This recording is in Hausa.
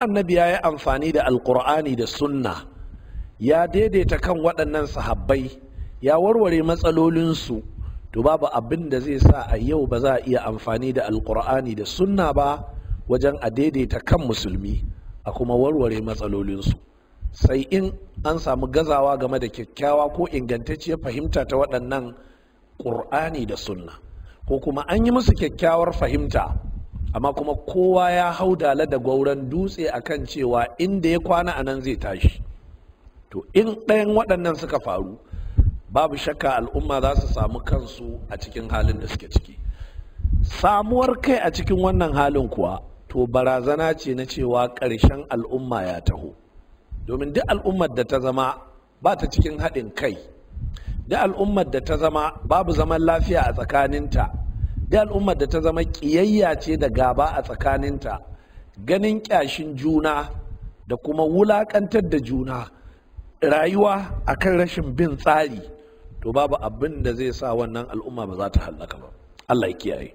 annabi ya yi amfani da alkur'ani da sunna ya daidaita kan waɗannan sahabbai ya warware matsalolinsu to babu abin da zai sa a yau ba za a iya amfani da alkur'ani da sunna ba wajen a daidaita kan musulmi a kuma warware matsalolinsu sai in an samu gazawa game da kyakkyawa ko ingantacciyar fahimta ta waɗannan ƙur'ani da sunna ko kuma an yi musu kyakkyawar fahimta amma kuma kowa ya hau dala da gwauran dutse akan cewa inda ya kwana a nan zai tashi to in ɗayan waɗannan suka faru babu shakka al'umma za su samu kansu a cikin halin da suke ciki samuwar kai a cikin wannan halin kuwa to barazana ce na cewa ƙarshen al'umma ya taho domin duk al'ummar da ta zama ba ta cikin haɗin kai duk al'ummar da ta zama babu zaman lafiya a tsakaninta da al'ummar da ta zama ƙiyayya ce da gaba a tsakaninta ganin ƙyashin juna da kuma wulaƙantar da juna rayuwa akan rashin bin tsari to babu abin da zai sa wannan al'umma ba za ta hallaka ba Allah ya kiyaye